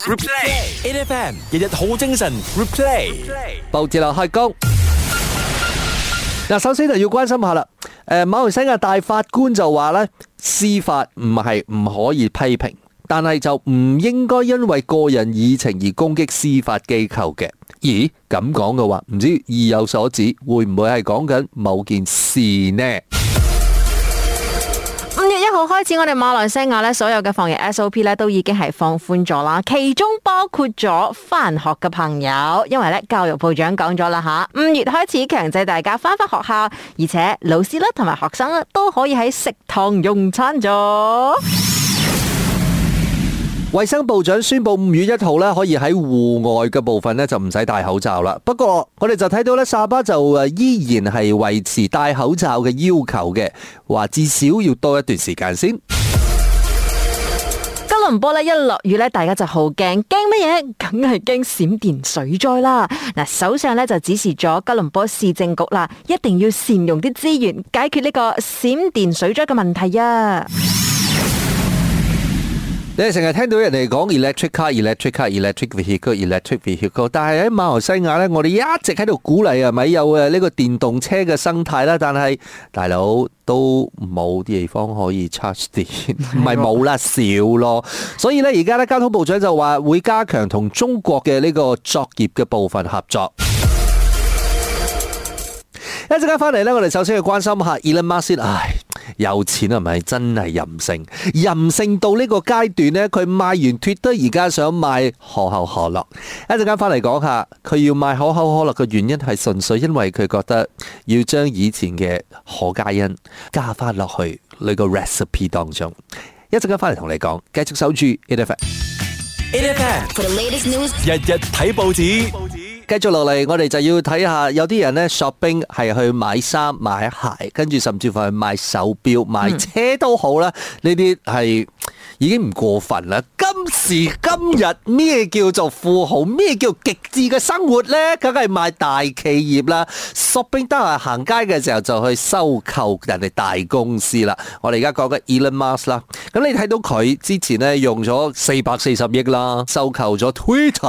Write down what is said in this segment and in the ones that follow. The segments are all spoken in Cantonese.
Replay，A. F. M. 日日好精神。Replay，保持勞開工。嗱，首先就要關心下啦。誒，馬來西亞大法官就話咧，司法唔係唔可以批評，但係就唔應該因為個人議程而攻擊司法機構嘅。咦，咁講嘅話，唔知意有所指，會唔會係講緊某件事呢？開始我哋馬來西亞咧，所有嘅防疫 SOP 咧都已經係放寬咗啦，其中包括咗返學嘅朋友，因為咧教育部長講咗啦吓，五月開始強制大家返返學校，而且老師啦同埋學生啦都可以喺食堂用餐咗。衛生部長宣佈，五月一號咧可以喺戶外嘅部分咧就唔使戴口罩啦。不過我哋就睇到咧，沙巴就誒依然係維持戴口罩嘅要求嘅，話至少要多一段時間先。吉隆坡咧一落雨咧，大家就好驚，驚乜嘢？梗係驚閃電水災啦！嗱，首相咧就指示咗吉隆坡市政局啦，一定要善用啲資源解決呢個閃電水災嘅問題啊！你哋成日聽到人哋講 electric car、electric car、electric vehicle、electric vehicle，但係喺馬來西亞咧，我哋一直喺度鼓勵啊，咪有誒呢個電動車嘅生態啦。但係大佬都冇地方可以 charge 電，咪冇啦，少咯。所以咧，而家咧交通部長就話會加強同中國嘅呢個作業嘅部分合作。一陣間翻嚟咧，我哋首先要關心下 Elon Musk 先。唉，有錢係咪？真係任性，任性到呢個階段咧，佢賣完脱都而家想賣可口可樂。一陣間翻嚟講下，佢要賣可口可樂嘅原因係純粹因為佢覺得要將以前嘅可卡因加翻落去你個 recipe 當中。一陣間翻嚟同你講，繼續守住 e l i n a e l e n a for the latest news，日日睇報紙。繼續落嚟，我哋就要睇下有啲人呢，Shopping 係去買衫、買鞋，跟住甚至乎係買手錶、買車都好啦。呢啲係，已經唔過分啦！今時今日，咩叫做富豪，咩叫極致嘅生活呢？梗係買大企業啦，shopping down 行街嘅時候就去收購人哋大公司啦。我哋而家講緊 Elon Musk 啦，咁你睇到佢之前呢，用咗四百四十億啦，收購咗 Twitter，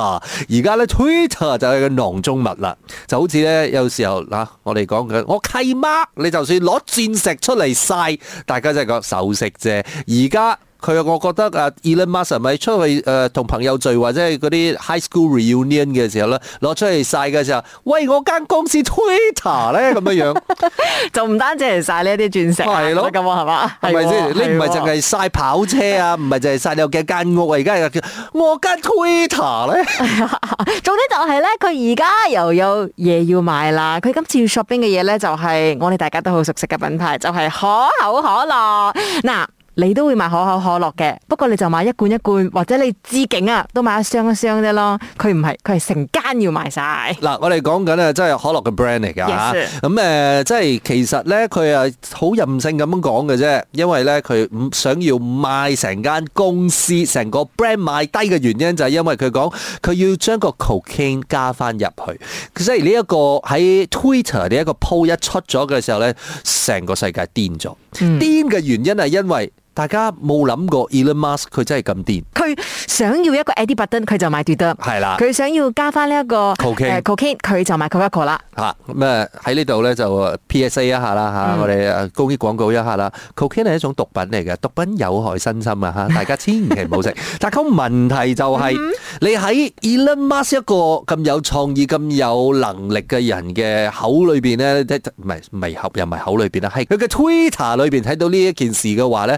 而家呢 Twitter 就係個囊中物啦。就好似呢，有時候吓、啊，我哋講嘅，我契媽，你就算攞鑽石出嚟晒，大家真係講首飾啫，而家。佢我覺得啊、e、Elon Musk 咪出去誒同、呃、朋友聚，或者係嗰啲 high school reunion 嘅時候咧，攞出去晒嘅時候，喂，我間公司 Twitter 咧咁樣樣， 就唔單止係晒呢一啲鑽石，係咯咁啊，係嘛咯？係咪先？你唔係淨係晒跑車啊，唔係淨係曬有幾間屋啊！而家叫「我間 Twitter 咧， 總之就係咧，佢而家又有嘢要賣啦。佢今次要 shop 邊嘅嘢咧，就係我哋大家都好熟悉嘅品牌，就係、是、可口可樂嗱。 你都會買可口可樂嘅，不過你就買一罐一罐，或者你至勁啊，都買一箱一箱啫咯。佢唔係，佢係成間要賣晒。嗱，我哋講緊啊，即係可樂嘅 brand 嚟㗎嚇。咁誒，即係其實咧，佢係好任性咁樣講嘅啫，因為咧，佢唔想要賣成間公司，成個 brand 賣低嘅原因就係因為佢講佢要將個 cocaine 加翻入去。所以呢一個喺 Twitter 呢一個 po 一出咗嘅時候咧，成個世界癲咗。癲嘅原因係因為。大家冇諗過 Elon Musk 佢真係咁癲？佢想要一個 edit button 佢就買 Twitter，、erm、係啦的。佢想要加翻呢一個 oc aine,、呃、cocaine，佢就買 Coca-Cola 啦。嚇，咁誒喺呢度咧就 PSA 一下啦嚇、啊，我哋公益廣告一下啦。嗯、cocaine 係一種毒品嚟嘅，毒品有害身心啊嚇，大家千祈唔好食。 但係問題就係、是嗯、你喺 Elon Musk 一個咁有創意、咁有能力嘅人嘅口裏邊咧，唔係眉喉又唔係口裏邊啦，喺佢嘅 Twitter 裏邊睇到呢一件事嘅話咧。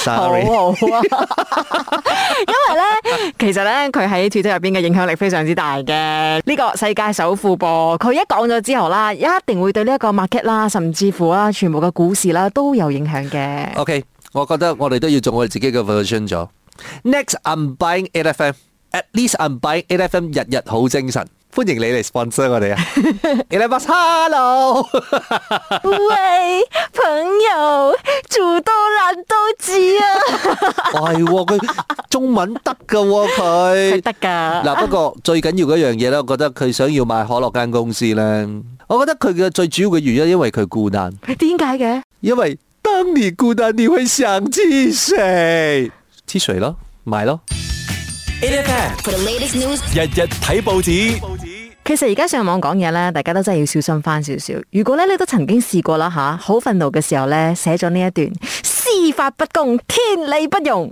Sorry 好好啊， 因為咧，其實咧，佢喺 Twitter 入邊嘅影響力非常之大嘅。呢、這個世界首富噃，佢一講咗之後啦，一定會對呢一個 market 啦，甚至乎啊，全部嘅股市啦，都有影響嘅。OK，我覺得我哋都要做我哋自己嘅 version 咗。Next，I'm buying A F M。At least I'm buying A F M，日日好精神。歡迎你嚟 sponsor 我哋啊 Elevate, Hello 喂，朋友，做到人都知啊！係 喎、哎，佢中文得噶喎，佢得噶。嗱，不過最緊要一樣嘢咧，我覺得佢想要買可樂間公司咧，我覺得佢嘅最主要嘅原因，因為佢孤單。點解嘅？因為當你孤單，你會想起誰？知誰咯？買咯？日日睇報紙，其實而家上網講嘢呢，大家都真係要小心翻少少。如果咧，你都曾經試過啦吓，好憤怒嘅時候呢，寫咗呢一段司法不公，天理不容。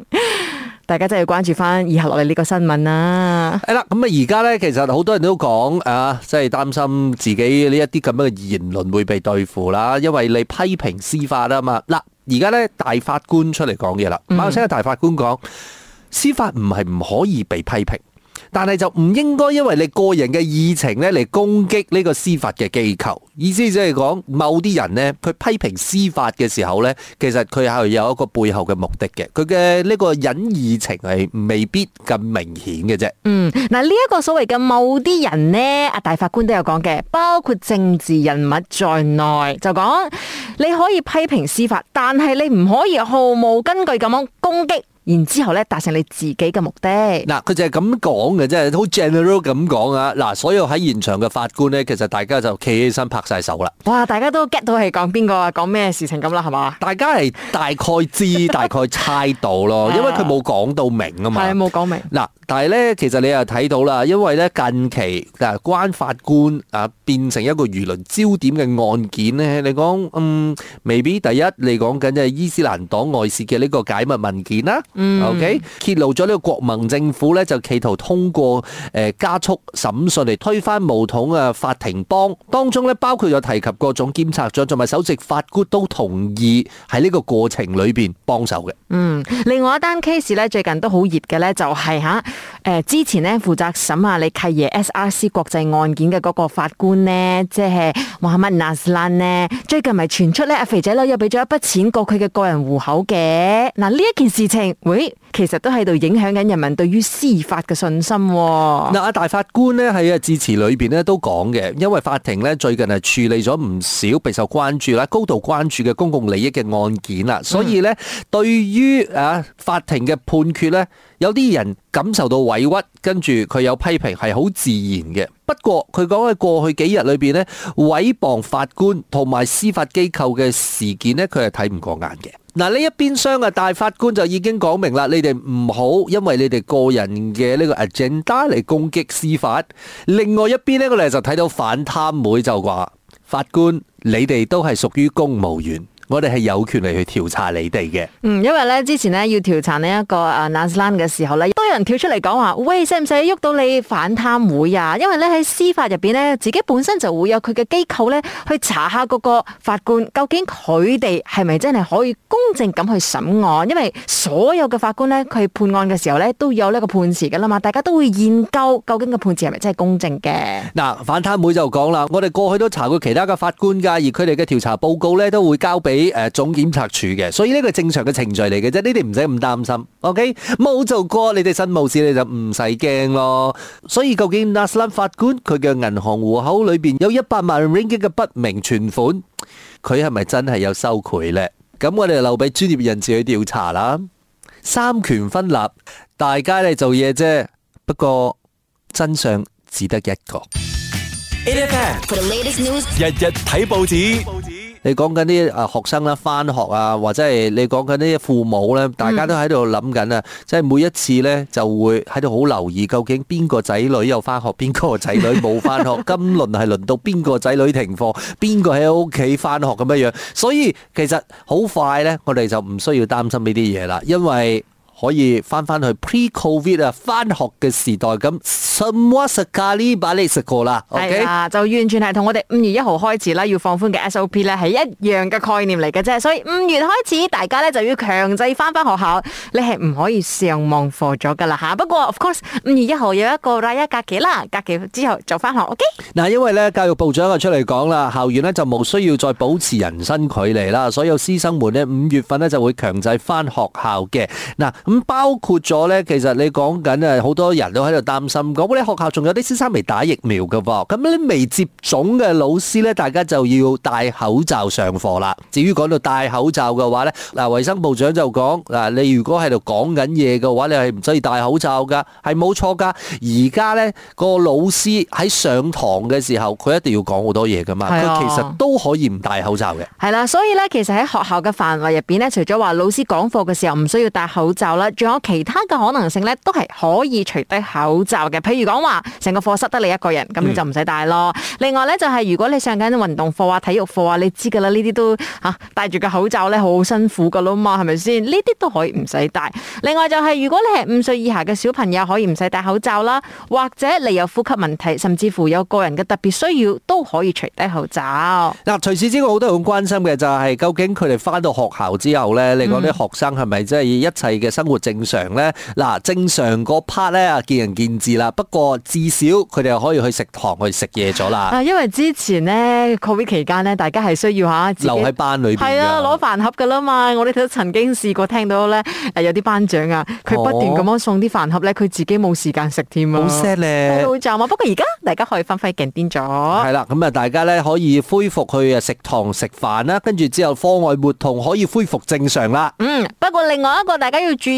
大家真係要關注翻，以下落嚟呢個新聞啊！係 啦樂，咁啊，而家呢，其實好多人都講啊，即係擔心自己呢一啲咁樣嘅言論會被對付啦，因為你批評司法啊嘛。嗱，而家呢，大法官出嚟講嘢啦，把聲大法官講。司法唔係唔可以被批評，但係就唔應該因為你個人嘅議程咧嚟攻擊呢個司法嘅機構。意思即係講某啲人呢，佢批評司法嘅時候呢，其實佢係有一個背後嘅目的嘅，佢嘅呢個隱議程係未必咁明顯嘅啫。嗯，嗱呢一個所謂嘅某啲人呢，阿大法官都有講嘅，包括政治人物在內，就講你可以批評司法，但係你唔可以毫無根據咁樣攻擊然之後咧，達成你自己嘅目的。嗱，佢就係咁講嘅，即係好 general 咁講啊。嗱，所有喺現場嘅法官咧，其實大家就企起身拍晒手啦。哇！大家都 get 到係講邊個啊，講咩事情咁啦，係嘛？大家係大概知， 大概猜到咯，因為佢冇講到明啊嘛。係，冇講明。嗱，但係咧，其實你又睇到啦，因為咧近期，嗱，關法官啊變成一個輿論焦點嘅案件咧，你講，嗯，maybe 第一你講緊嘅伊斯蘭黨外泄嘅呢個解密文件啦。嗯，OK，揭露咗呢個國民政府咧，就企圖通過誒加速審訊嚟推翻巫統嘅法庭幫當中咧，包括有提及各種檢察長，同埋首席法官都同意喺呢個過程裏邊幫手嘅。嗯，另外一單 case 咧，最近都好熱嘅咧、就是，就係吓誒之前咧負責審下你契爺 SRC 國際案件嘅嗰個法官呢即係瓦乜納斯拉咧，最近咪傳出咧、啊、阿肥仔女又俾咗一筆錢過佢嘅個人戶口嘅。嗱呢一件事情。喂，其實都喺度影響緊人民對於司法嘅信心。嗱，大法官咧喺啊致辭裏邊咧都講嘅，因為法庭咧最近啊處理咗唔少備受關注啦、高度關注嘅公共利益嘅案件啦，所以呢，對於啊法庭嘅判決呢，有啲人感受到委屈，跟住佢有批評係好自然嘅。不過佢講喺過去幾日裏邊呢，毀謗法官同埋司法機構嘅事件呢，佢係睇唔過眼嘅。嗱，呢一邊廂嘅大法官就已經講明啦，你哋唔好因為你哋個人嘅呢個 agenda 嚟攻擊司法。另外一邊呢，我哋就睇到反貪會就話法官，你哋都係屬於公務員。我哋係有權利去調查你哋嘅。嗯，因為咧之前咧要調查呢一個誒，Nasran 嘅時候咧。有人跳出嚟講話，喂，使唔使喐到你反貪會啊？因為咧喺司法入邊咧，自己本身就會有佢嘅機構咧，去查下嗰個法官究竟佢哋係咪真係可以公正咁去審案？因為所有嘅法官咧，佢判案嘅時候咧，都有呢個判詞噶啦嘛，大家都會研究究竟個判詞係咪真係公正嘅？嗱，反貪會就講啦，我哋過去都查過其他嘅法官噶，而佢哋嘅調查報告咧，都會交俾誒總檢察署嘅，所以呢個正常嘅程序嚟嘅啫，你哋唔使咁擔心。OK，冇做過，你哋。新冒事你就唔使驚咯，所以究竟 Naslan 法官佢嘅銀行戶口裏邊有一百萬 ringgit 嘅不明存款，佢係咪真係有收賄呢？咁我哋就留俾專業人士去調查啦。三權分立，大家嚟做嘢啫。不過真相只得一個。Man, news, 日日睇報紙。報紙你講緊啲誒學生啦，翻學啊，或者係你講緊啲父母咧，大家都喺度諗緊啊，即係、嗯、每一次咧就會喺度好留意，究竟邊個仔女有翻學，邊個仔女冇翻學， 今輪係輪到邊個仔女停課，邊個喺屋企翻學咁樣樣，所以其實好快咧，我哋就唔需要擔心呢啲嘢啦，因為。可以翻翻去 pre-covid 啊，翻學嘅時代咁，什麼食咖喱，把你食過啦，係啦，就完全係同我哋五月一號開始啦，要放寬嘅 SOP 咧，係一樣嘅概念嚟嘅啫。所以五月開始，大家咧就要強制翻翻學校，你係唔可以上網課咗噶啦吓。不過 of course，五月一號有一個啦，一假期啦，假期之後就翻學。O K。嗱，因為咧，教育部長又出嚟講啦，校園咧就冇需要再保持人身距離啦，所有師生們咧，五月份咧就會強制翻學校嘅嗱。咁包括咗咧，其實你講緊啊，好多人都喺度擔心。講你學校仲有啲先生未打疫苗噶噃，咁你未接種嘅老師咧，大家就要戴口罩上課啦。至於講到戴口罩嘅話咧，嗱，衞生部長就講嗱，你如果喺度講緊嘢嘅話，你係唔需要戴口罩噶，係冇錯噶。而家咧個老師喺上堂嘅時候，佢一定要講好多嘢噶嘛，佢其實都可以唔戴口罩嘅。係啦，所以咧，其實喺學校嘅範圍入邊咧，除咗話老師講課嘅時候唔需要戴口罩，仲有其他嘅可能性咧，都係可以除低口罩嘅。譬如講話成個課室得你一個人，咁你就唔使戴咯。嗯、另外咧，就係、是、如果你上緊運動課啊、體育課啊，你知噶啦，呢啲都吓、啊、戴住個口罩咧，好辛苦噶啦嘛，係咪先？呢啲都可以唔使戴。另外就係、是、如果你係五歲以下嘅小朋友，可以唔使戴口罩啦，或者你有呼吸問題，甚至乎有個人嘅特別需要，都可以除低口罩。嗱，除此之外，好多人好關心嘅就係、是、究竟佢哋翻到學校之後咧，你覺得學生係咪真係一切嘅生？活正常咧，嗱，正常嗰 part 咧，見仁見智啦。不過至少佢哋又可以去食堂去食嘢咗啦。啊，因為之前咧 Covid 期間咧，大家係需要吓留喺班裏邊，係啊，攞飯盒噶啦嘛。我哋都曾經試過聽到咧，誒有啲班長啊，佢不斷咁樣送啲飯盒咧，佢自己冇時間食添啊。好 sad 咧，好慘啊。不過而家大家可以翻返鏡邊咗，係啦、啊，咁啊大家咧可以恢復去啊食堂食飯啦，跟住之後課外活動可以恢復正常啦。嗯，不過另外一個大家要注意。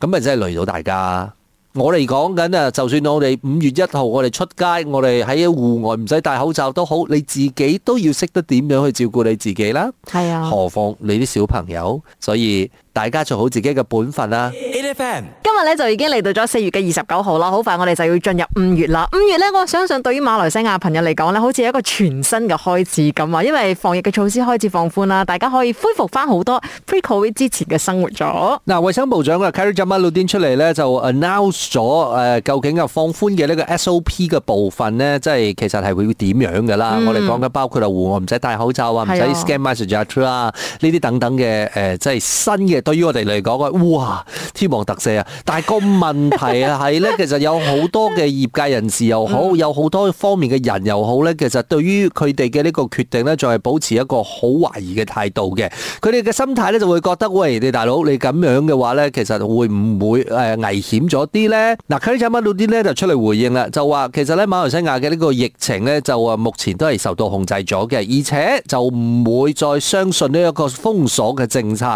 咁咪真係累到大家。我嚟講緊啊，就算我哋五月一號我哋出街，我哋喺戶外唔使戴口罩都好，你自己都要識得點樣去照顧你自己啦。係啊，何況你啲小朋友，所以。大家做好自己嘅本分啦。今日咧就已經嚟到咗四月嘅二十九號啦，好快我哋就要進入五月啦。五月咧，我相信對於馬來西亞朋友嚟講咧，好似一個全新嘅開始咁啊，因為防疫嘅措施開始放寬啦，大家可以恢復翻好多 pre-COVID 之前嘅生活咗。嗱，衞生部長啊，Khairy Jamaluddin 出嚟咧就 announce 咗誒，究竟啊放寬嘅呢個 SOP 嘅部分呢，即係其實係會點樣嘅啦？我哋講緊包括啊，戶外唔使戴口罩啊，唔使 scan MySejahtera 啦，呢啲等等嘅誒，即係新嘅。對於我哋嚟講嘅，哇！天王特赦啊！但係個問題啊，係呢，其實有好多嘅業界人士又好，有好多方面嘅人又好，呢其實對於佢哋嘅呢個決定呢，就係保持一個好懷疑嘅態度嘅。佢哋嘅心態呢，就會覺得喂，你大佬你咁樣嘅話呢，其實會唔會誒危險咗啲呢？啊，嗱，佢呢就問到啲呢，就出嚟回應啦，就話其實呢，馬來西亞嘅呢個疫情呢，就話目前都係受到控制咗嘅，而且就唔會再相信呢一個封鎖嘅政策。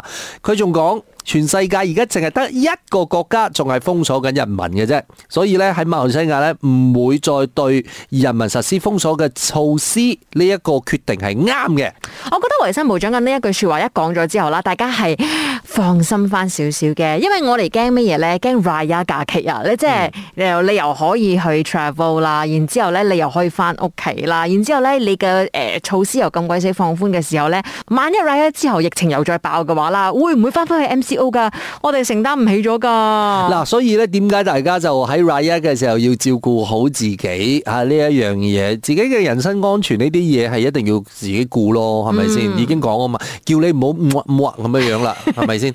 佢仲講。全世界而家淨係得一個國家仲係封鎖緊人民嘅啫，所以咧，喺馬來西亞咧唔會再對人民實施封鎖嘅措施，呢一個決定係啱嘅。我覺得衛生部長咁呢一句說話一講咗之後啦，大家係放心翻少少嘅，因為我哋驚乜嘢咧？驚 Raya 假期啊！你即係你又可以去 travel 啦，然之後咧你又可以翻屋企啦，然之後咧你嘅誒、呃、措施又咁鬼死放寬嘅時候咧，萬一 Raya 之後疫情又再爆嘅話啦，會唔會翻返去 MC？O 噶，我哋承擔唔起咗噶。嗱，所以咧，點解大家就喺 Raya 嘅時候要照顧好自己啊？呢一樣嘢，自己嘅人身安全呢啲嘢係一定要自己顧咯，係咪先？已經講啊嘛，叫你唔好唔屈唔屈咁嘅樣啦，係咪先？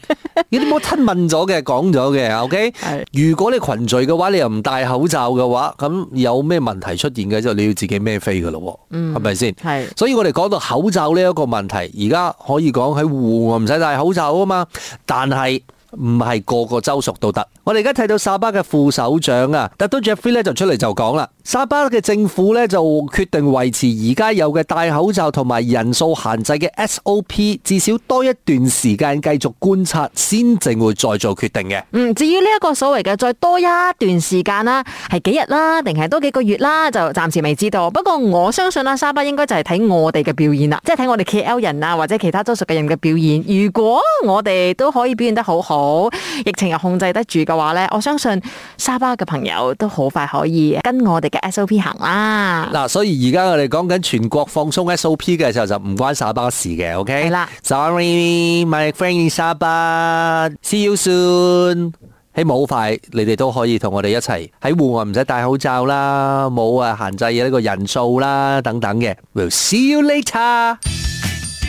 你唔好親吻咗嘅，講咗嘅，OK 是。如果你群聚嘅話，你又唔戴口罩嘅話，咁有咩問題出現嘅時候，就你要自己孭飛噶咯，係咪先？係，是所以我哋講到口罩呢一個問題，而家可以講喺戶外唔使戴口罩啊嘛，但但係唔係個個州屬都得？我哋而家睇到沙巴嘅副首長啊，特都約菲咧就出嚟就講啦。沙巴嘅政府咧就決定維持而家有嘅戴口罩同埋人數限制嘅 SOP，至少多一段時間繼續觀察先，至會再做決定嘅。嗯，至於呢一個所謂嘅再多一段時間啦，係幾日啦，定係多幾個月啦，就暫時未知道。不過我相信啦，沙巴應該就係睇我哋嘅表演啦，即係睇我哋 KL 人啊或者其他州屬嘅人嘅表演。如果我哋都可以表現得好好，疫情又控制得住嘅話咧，我相信沙巴嘅朋友都好快可以跟我哋嘅。SOP 行啦，嗱，所以而家我哋講緊全國放鬆 SOP 嘅時候就唔關沙巴事嘅，OK？係啦，sorry，my friend 沙巴，see you soon。希望好快，你哋都可以同我哋一齊喺戶外，唔使戴口罩啦，冇啊限制嘅呢個人數啦，等等嘅，we'll see you later。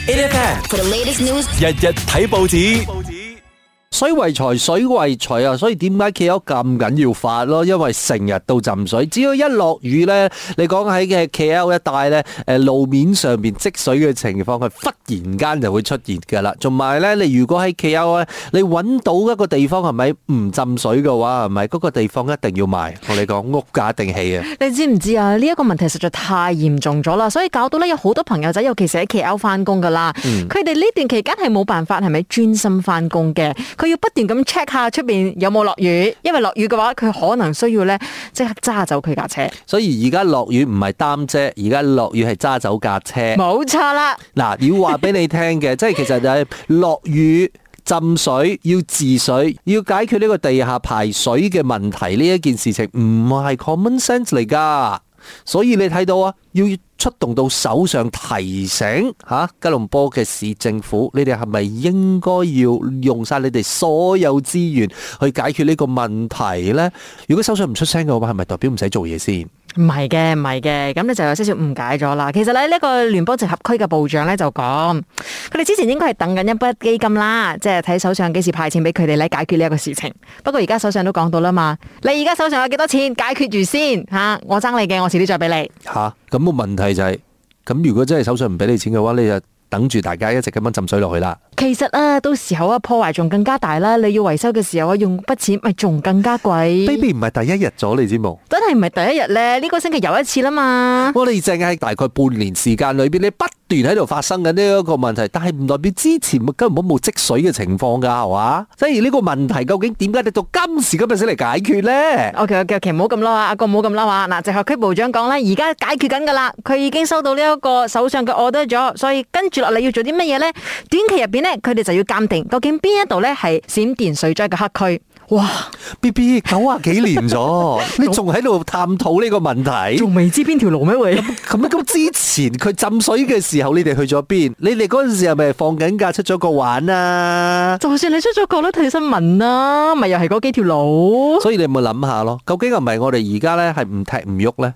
日日睇報紙。水為財，水為財啊！所以點解 K L 咁緊要發咯？因為成日都浸水，只要一落雨呢，你講喺嘅 K L 一帶呢，誒路面上面積水嘅情況，佢忽然間就會出現噶啦。同埋呢，你如果喺 K L 咧，你揾到一個地方係咪唔浸水嘅話，係咪嗰個地方一定要買？同你講屋價一定起啊！你知唔知啊？呢、這、一個問題實在太嚴重咗啦，所以搞到呢有好多朋友仔，尤其是喺 K L 翻工噶啦，佢哋呢段期間係冇辦法係咪專心翻工嘅？佢要不斷咁 check 下出邊有冇落雨，因為落雨嘅話，佢可能需要呢即刻揸走佢架車。所以而家落雨唔係擔遮，而家落雨係揸走架車。冇錯啦！嗱， 要話俾你聽嘅，即係其實就係落雨浸水要治水，要解決呢個地下排水嘅問題呢一件事情，唔係 common sense 嚟㗎。所以你睇到啊，要出動到首相提醒吓吉隆坡嘅市政府，你哋係咪應該要用晒你哋所有資源去解決呢個問題呢？如果首相唔出聲嘅話，係咪代表唔使做嘢先？唔係嘅，唔係嘅，咁你就有些少誤解咗啦。其實咧，呢個聯邦直轄區嘅部長咧就講，佢哋之前應該係等緊一筆基金啦，即係睇手上幾時派錢俾佢哋咧，解決呢一個事情。不過而家手上都講到啦嘛，你而家手上有幾多錢解決住先吓？我爭你嘅，我遲啲再俾你吓。咁、啊個問題就係、是，咁如果真係手上唔俾你錢嘅話，你就等住大家一直咁樣浸水落去啦。其實啊，到時候啊破壞仲更加大啦，你要維修嘅時候啊用筆錢咪仲更加貴。Baby 唔係第一日咗你知冇？真係唔係第一日咧，呢個星期又一次啦嘛。我哋淨係大概半年時間裏邊你不斷喺度發生緊呢一個問題，但係唔代表之前根本冇積水嘅情況噶係嘛？所以呢個問題究竟點解你到今時今日先嚟解決咧？O K O K，唔好咁嬲啊！阿哥唔好咁嬲啊！嗱，直轄區部長講咧，而家解決緊噶啦，佢已經收到呢一個手上嘅 order 咗，所以跟住落嚟要做啲乜嘢咧？短期入邊咧。佢哋就要鑒定究竟邊一度咧係閃電水災嘅黑區。哇！B B 九啊幾年咗， 你仲喺度探討呢個問題？仲未知邊條路咩？喂，咁咁之前佢浸水嘅時候，你哋去咗邊？你哋嗰陣時係咪放緊假出咗國玩啊？就算你出咗國都睇新聞啦、啊，咪又係嗰幾條路。所以你咪諗下咯，究竟係咪我哋而家咧係唔踢唔喐咧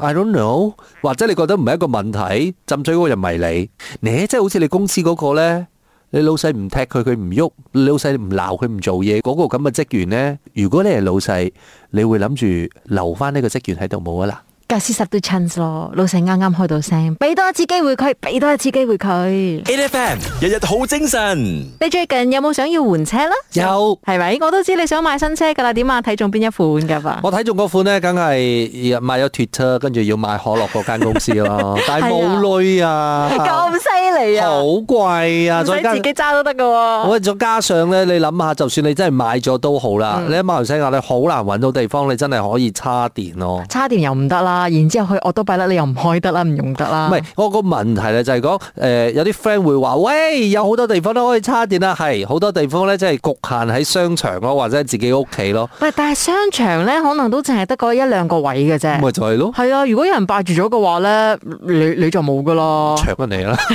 ？I don't know，或者你覺得唔係一個問題？浸水嗰個人唔係你，咧即係好似你公司嗰個咧。你老細唔踢佢，佢唔喐；你老細唔鬧佢，唔做嘢。嗰、那個咁嘅職員咧，如果你係老細，你會諗住留返呢個職員喺度冇噶啦。格斯十都親咗，老細啱啱開到聲，俾多一次機會佢，俾多一次機會佢。AFM 日日好精神。你最近有冇想要換車囉？有係咪？我都知你想買新車噶啦，點啊？睇中邊一款噶吧？我睇中嗰款咧，梗係買咗 Twitter，跟住要買可樂嗰間公司咯， 但係冇累啊，咁 好貴啊！唔使自己揸都得噶喎。喂，再加上咧，你諗下，就算你真係買咗都好啦，嗯、你喺馬來西亞你好難搵到地方，你真係可以插電咯、啊。插電又唔得啦，然之後去我都擺得，你又唔開得啦，唔用得啦。唔係、啊，我個問題咧就係講，誒、呃，有啲 friend 會話，喂，有好多地方都可以插電啦、啊，係好多地方咧，即係局限喺商場咯，或者自己屋企咯。喂，但係商場咧，可能都淨係得嗰一兩個位嘅啫。咪就係咯。係啊，如果有人霸住咗嘅話咧，你你就冇噶啦。搶咗你啦。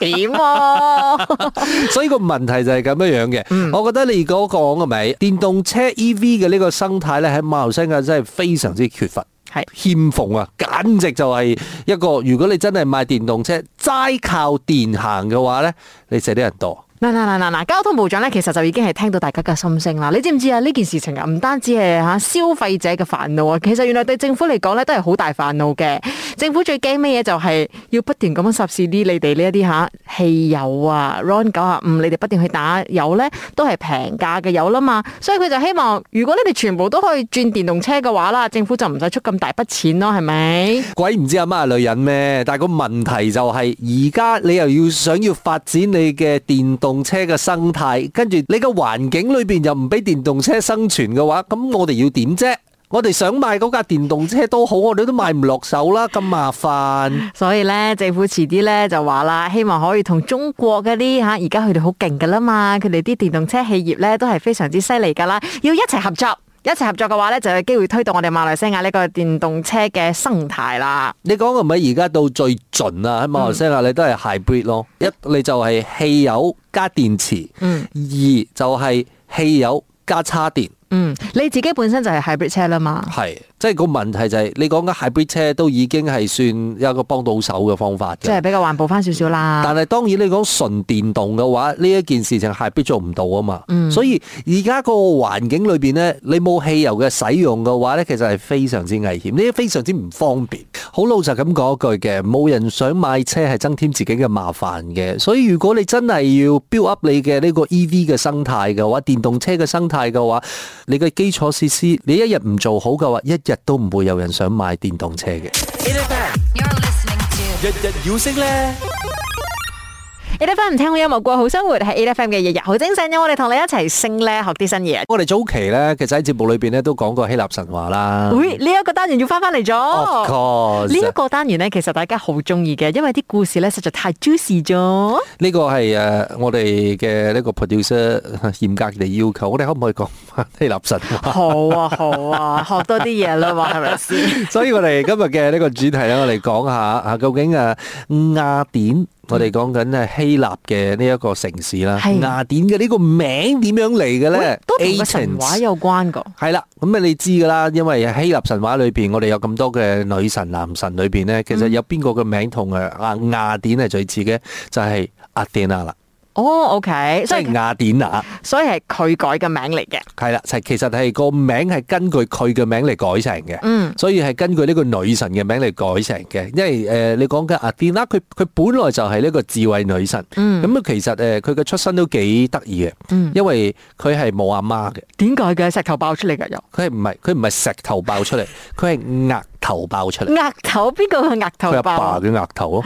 點 樣啊！ 所以個問題就係咁樣樣嘅，嗯、我覺得你如果講嘅咪電動車 E V 嘅呢個生態咧，喺馬鞍山嘅真係非常之缺乏，係是欠奉啊！簡直就係一個，如果你真係賣電動車齋靠電行嘅話呢，你就啲人多。啦啦啦，交通部長咧，其實就已經係聽到大家嘅心聲啦。你知唔知啊？呢件事情啊，唔單止係嚇消費者嘅煩惱啊。其實原來對政府嚟講咧都係好大煩惱嘅。政府最驚咩嘢就係要不斷咁樣測試啲你哋呢一啲嚇汽油啊，RON 九啊五，你哋不斷去打油呢，都係平價嘅油啦嘛。所以佢就希望，如果你哋全部都可以轉電動車嘅話啦，政府就唔使出咁大筆錢咯，係咪？鬼唔知阿媽係女人咩？但係個問題就係、是，而家你又要想要發展你嘅電動。車嘅生態，跟住你個環境裏邊又唔俾電動車生存嘅話，咁我哋要點啫？我哋想買嗰架電動車都好，我哋都買唔落手啦，咁麻煩。 所以呢，政府遲啲呢就話啦，希望可以同中國嗰啲吓，而家佢哋好勁噶啦嘛，佢哋啲電動車企業呢，都係非常之犀利噶啦，要一齊合作。一齊合作嘅話咧，就有機會推動我哋馬來西亞呢個電動車嘅生態啦、嗯。你講嘅咪而家到最盡啦，喺馬來西亞你都係鞋 y b r i d 咯，一你就係汽油加電池，二就係、是、汽油加叉電。嗯，你自己本身就係 hybrid 車啦嘛，係，即係個問題就係、是、你講緊 hybrid 車都已經係算有個幫到手嘅方法，即係比較環保翻少少啦。但係當然你講純電動嘅話，呢一件事情係 hybrid 做唔到啊嘛，嗯、所以而家個環境裏邊呢，你冇汽油嘅使用嘅話呢，其實係非常之危險，呢非常之唔方便。好老實咁講一句嘅，冇人想買車係增添自己嘅麻煩嘅，所以如果你真係要 build up 你嘅呢個 EV 嘅生態嘅話，電動車嘅生態嘅話。你嘅基礎設施，你一日唔做好嘅話，一日都唔會有人想買電動車嘅。In Japan, 日日要識咧。A F M 唔聽好音樂過好生活，係 A F M 嘅日日好精神，有我哋同你一齊升咧，學啲新嘢。我哋早期咧，其實喺節目裏邊咧都講過希臘神話啦。喂呢一個單元要翻翻嚟咗？呢一 Of course. 個單元咧，其實大家好中意嘅，因為啲故事咧實在太 juicy 咗。呢個係誒我哋嘅呢個 producer 嚴格嘅要求，我哋可唔可以講希臘神話？ 好啊好啊，學多啲嘢啦嘛，係咪先？所以我哋今日嘅呢個主題咧， 我哋講下啊，究竟誒雅典。我哋講緊係希臘嘅呢一個城市啦，是雅典嘅呢個名點樣嚟嘅咧？都同神話有關噶。係啦，咁 啊樂你知噶啦，因為希臘神話裏邊，我哋有咁多嘅女神男神裏邊咧，其實有邊個嘅名同誒啊雅典係最似嘅，就係阿典娜啦。哦、oh，OK，即係雅典娜，所以係佢改嘅名嚟嘅。係啦，係其實係個名係根據佢嘅名嚟改成嘅，嗯，所以係根據呢個女神嘅名嚟改成嘅，因為誒、呃、你講緊雅典娜，佢佢本來就係呢個智慧女神，咁、嗯、其實誒佢嘅出身都幾得意嘅，因為佢係冇阿媽嘅，點解嘅？石頭爆出嚟嘅又，佢係唔係？佢唔係石頭爆出嚟，佢係壓。頭爆出嚟，額頭，頭？邊個嘅額頭？佢阿爸嘅額頭咯。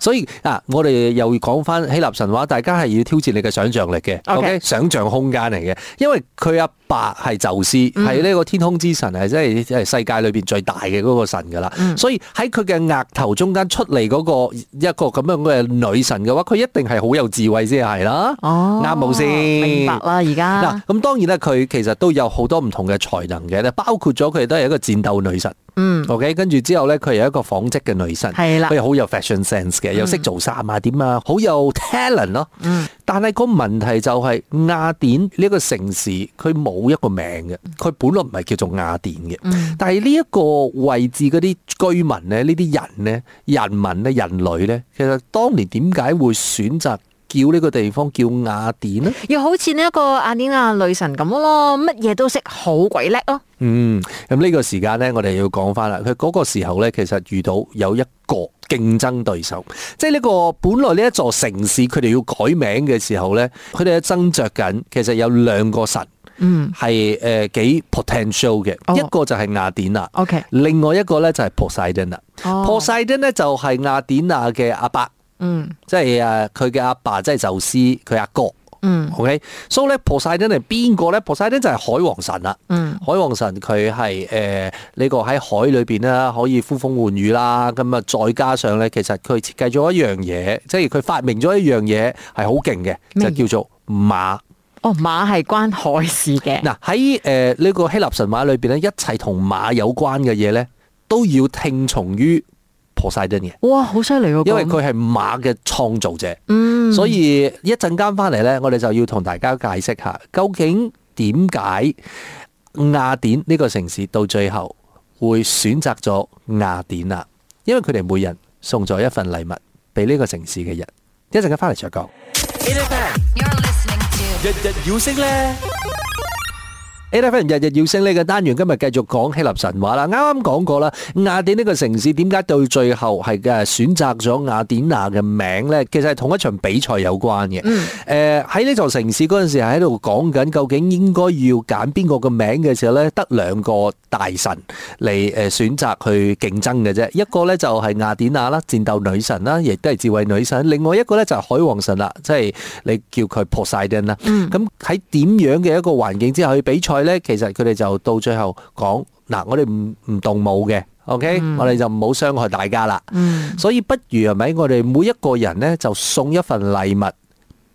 所以嗱、啊，我哋又講翻希臘神話，大家係要挑戰你嘅想像力嘅，OK？想像空間嚟嘅，因為佢阿爸係宙斯，係呢、嗯、個天空之神，係即係世界裏邊最大嘅嗰個神噶啦。嗯、所以喺佢嘅額頭中間出嚟嗰個一個咁樣嘅女神嘅話，佢一定係好有智慧先係啦。哦，啱冇先，明白啦。而家嗱，咁、啊、當然啦，佢其實都有好多唔同嘅才能嘅，包括咗佢都係一個戰鬥女神。嗯，OK，跟住之後咧，佢係一個紡織嘅女神，係啦的，佢又好有 fashion sense 嘅，嗯、又識做衫啊點啊，好、啊、有 talent 咯、啊。嗯，但係個問題就係、是、雅典呢一個城市，佢冇一個名嘅，佢本來唔係叫做雅典嘅。嗯、但係呢一個位置嗰啲居民咧，呢啲人咧，人民咧，人類咧，其實當年點解會選擇，叫呢個地方叫雅典咯，又好似呢一個雅典娜女神咁咯，乜嘢都識，好鬼叻咯。嗯，咁、這、呢個時間咧，我哋要講翻啦。佢嗰個時候咧，其實遇到有一個競爭對手，即係呢個本來呢一座城市，佢哋要改名嘅時候咧，佢哋係爭着緊。其實有兩個神，嗯，係誒幾 potential 嘅，呃 pot 哦、一個就係雅典啦，OK，另外一個咧就係 Poseidon Poseidon 咧就係雅典娜嘅阿伯。嗯，即係誒，佢嘅阿爸即係宙斯，佢阿哥，嗯，OK，所以咧，普賽丁係邊個咧？普賽丁就係海王神啦，嗯，海王神佢係誒呢個喺海裏邊啦，可以呼風喚雨啦，咁啊再加上咧，其實佢設計咗一樣嘢，即係佢發明咗一樣嘢係好勁嘅，麼就叫做馬。哦，馬係關海事嘅。嗱喺誒呢個希臘神話裏邊咧，一切同馬有關嘅嘢咧，都要聽從於。p o s 嘅，哇，好犀利喎！因為佢係馬嘅創造者。嗯、所以一陣間翻嚟呢，我哋就要同大家解釋下，究竟點解雅典呢個城市到最後會選擇咗雅典啦？因為佢哋每人送咗一份禮物俾呢個城市嘅人。一陣間翻嚟再講。Hey, A. F. 人日日要升呢個單元，今日繼續講希臘神話啦。啱啱講過啦，雅典呢個城市點解到最後係嘅選擇咗雅典娜嘅名咧？其實係同一場比賽有關嘅。誒喺呢座城市嗰陣時喺度講緊，究竟應該要揀邊個嘅名嘅時候咧，得兩個大神嚟誒選擇去競爭嘅啫。一個咧就係雅典娜啦，戰鬥女神啦，亦都係智慧女神；另外一個咧就係海王神啦，即係你叫佢 Poseidon 啦。咁喺點樣嘅一個環境之下去比賽？咧，其實佢哋就到最後講，嗱，我哋唔唔動武嘅，OK，我哋就唔好傷害大家啦。嗯。所以不如係咪？我哋每一個人咧，就送一份禮物。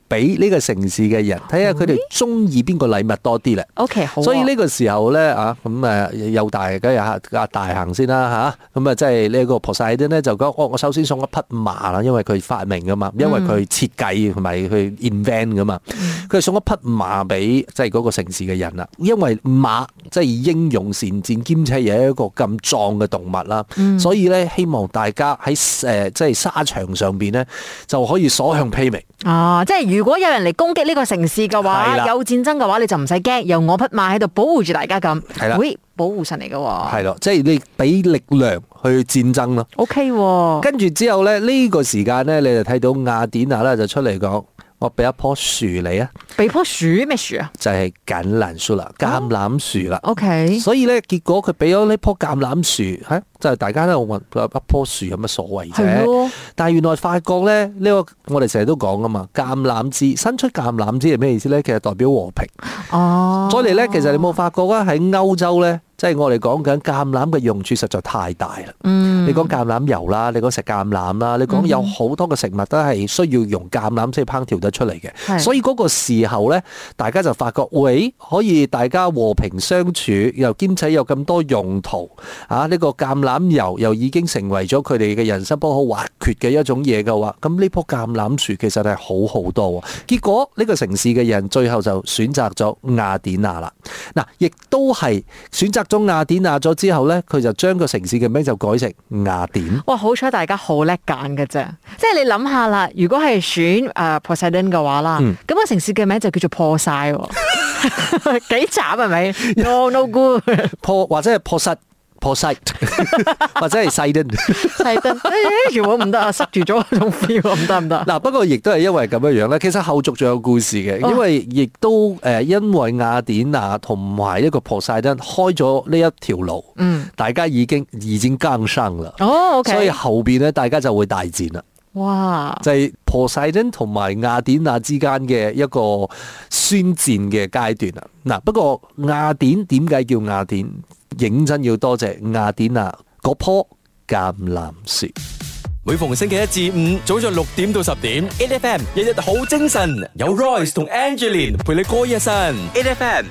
俾呢個城市嘅人睇下佢哋中意邊個禮物多啲咧？O K 好、啊。所以呢個時候咧啊，咁、呃、誒又大，梗係阿大行先啦嚇。咁啊，即、啊、係、嗯就是、呢個波塞頓咧就講，我、啊、我首先送一匹馬啦，因為佢發明噶嘛，因為佢設計同埋佢 invent 噶嘛，佢、嗯、係送一匹馬俾即係嗰個城市嘅人啦。因為馬即係英勇善戰，兼且有一個咁壯嘅動物啦，啊嗯、所以咧希望大家喺誒即係沙場上邊咧就可以所向披靡。哦、啊，即、就、係、是如果有人嚟攻擊呢個城市嘅話，的有戰爭嘅話，你就唔使驚，由我匹馬喺度保護住大家咁。係啦的，喂、哎，保護神嚟嘅。係咯，即係你俾力量去戰爭咯。OK 哦。跟住之後咧，呢、這個時間咧，你就睇到雅典娜咧就出嚟講，我俾一棵樹你啊。俾棵樹咩樹啊？就係橄欖樹啦，橄欖樹啦。哦，OK。所以咧，結果佢俾咗呢棵橄欖樹吓。即係大家都我問一樖樹有乜所謂啫？的但係原來發覺咧，呢、呢個我哋成日都講㗎嘛，橄欖枝伸出橄欖枝係咩意思咧？其實代表和平。哦，再嚟咧，其實你冇發覺咧？喺歐洲咧，即係我哋講緊橄欖嘅用處實在太大啦。嗯、你講橄欖油啦，你講食橄欖啦，你講有好多嘅食物都係需要用橄欖先烹調得出嚟嘅。嗯、所以嗰個時候咧，大家就發覺，喂、哎，可以大家和平相處，又兼且有咁多用途。啊，呢、呢個橄欖，欖。橄欖油又已經成為咗佢哋嘅人生不可或缺嘅一種嘢嘅話，咁呢棵橄欖樹其實係好好多。結果呢個城市嘅人最後就選擇咗雅典娜啦。嗱，亦都係選擇咗雅典娜咗之後呢，佢就將個城市嘅名就改成雅典。哇，好彩大家好叻揀嘅啫。即係你諗下啦，如果係選誒 Poseidon 嘅話啦，咁、嗯、個城市嘅名就叫做破晒，幾 慘係咪？No no good，破或者係破失。珀塞 或者係細燈，細燈誒，如果唔得啊，塞住咗嗰種 feel，唔得唔得。嗱、 啊，不過亦都係因為咁樣樣咧。其實後續仲有故事嘅，因為亦都誒，因為雅典娜同埋一個珀塞登開咗呢一條路，嗯，大家已經已經更生啦。哦，okay，所以後邊咧，大家就會大戰啦。哇！就係珀塞登同埋雅典娜之間嘅一個宣戰嘅階段啦。嗱、啊，不過雅典點解叫雅典？認真要多謝雅典娜嗰棵橄欖樹。每逢星期一至五早上六點到十點，A F M 日日好精神，有 Royce 同 Angeline 陪你過一晨，A F M。